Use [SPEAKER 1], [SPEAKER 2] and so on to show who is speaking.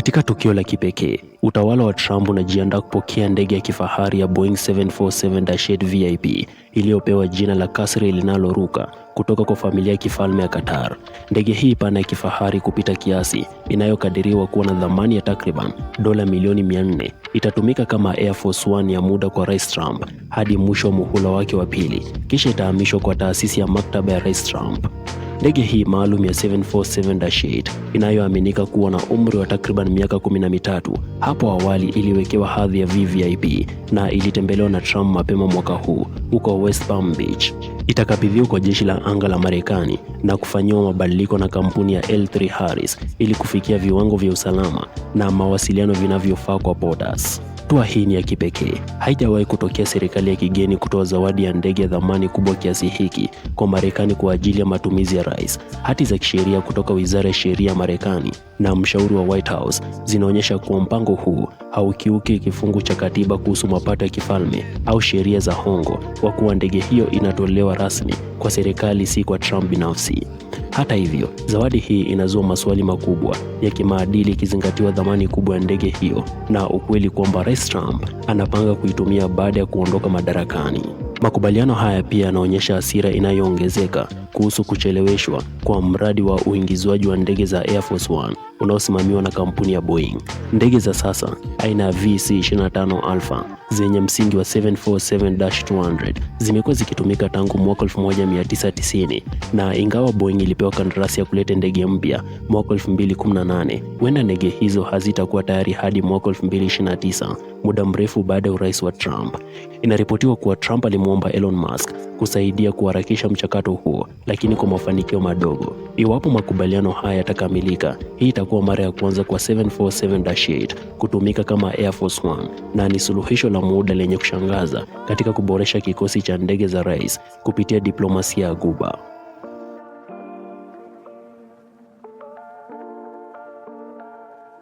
[SPEAKER 1] Katika tukio la kipekee, utawala wa Trump unajiandaa kupokea ndege ya kifahari ya Boeing 747-8 VIP iliyopewa jina la kasri linaloruka kutoka kwa familia ya kifalme ya Qatar. Ndege hii pana ya kifahari kupita kiasi, inayokadiriwa kuwa na thamani ya takriban dola milioni 400, itatumika kama Air Force One ya muda kwa Rais Trump hadi mwisho wa muhula wake wa pili, kisha itahamishwa kwa taasisi ya maktaba ya Rais Trump. Ndege hii maalum ya 747-8 inayoaminika kuwa na umri wa takriban miaka kumi na mitatu, hapo awali iliwekewa hadhi ya VVIP na ilitembelewa na Trump mapema mwaka huu huko West Palm Beach. Itakabidhiwa kwa jeshi la anga la Marekani na kufanyiwa mabadiliko na kampuni ya L3 Harris ili kufikia viwango vya usalama na mawasiliano vinavyofaa kwa POTUS. Hatua hii ni ya kipekee. Haijawahi kutokea serikali ya kigeni kutoa zawadi ya ndege ya thamani kubwa kiasi hiki kwa Marekani kwa ajili ya matumizi ya rais. Hati za kisheria kutoka Wizara ya Sheria ya Marekani na mshauri wa White House zinaonyesha kuwa mpango huu haukiuki kifungu cha katiba kuhusu mapato ya kifalme au sheria za hongo, kwa kuwa ndege hiyo inatolewa rasmi kwa serikali, si kwa Trump binafsi. Hata hivyo, zawadi hii inazua maswali makubwa ya kimaadili ikizingatiwa dhamani kubwa ya ndege hiyo na ukweli kwamba Rais Trump anapanga kuitumia baada ya kuondoka madarakani. Makubaliano haya pia yanaonyesha hasira inayoongezeka kuhusu kucheleweshwa kwa mradi wa uingizwaji wa ndege za Air Force One unaosimamiwa na kampuni ya Boeing. Ndege za sasa aina ya VC25 Alpha zenye msingi wa 747-200 zimekuwa zikitumika tangu mwaka 1990 na ingawa Boeing ilipewa kandarasi ya kuleta ndege mpya mwaka 2018, huenda ndege hizo hazitakuwa tayari hadi mwaka 2029, muda mrefu baada ya urais wa Trump. Inaripotiwa kuwa Trump alimwomba Elon Musk kusaidia kuharakisha mchakato huo, lakini kwa mafanikio madogo. Iwapo makubaliano haya yatakamilika, hii itakuwa kwa mara ya kwanza kwa 747-8 kutumika kama Air Force One na ni suluhisho la muda lenye kushangaza katika kuboresha kikosi cha ndege za rais kupitia diplomasia ya Guba.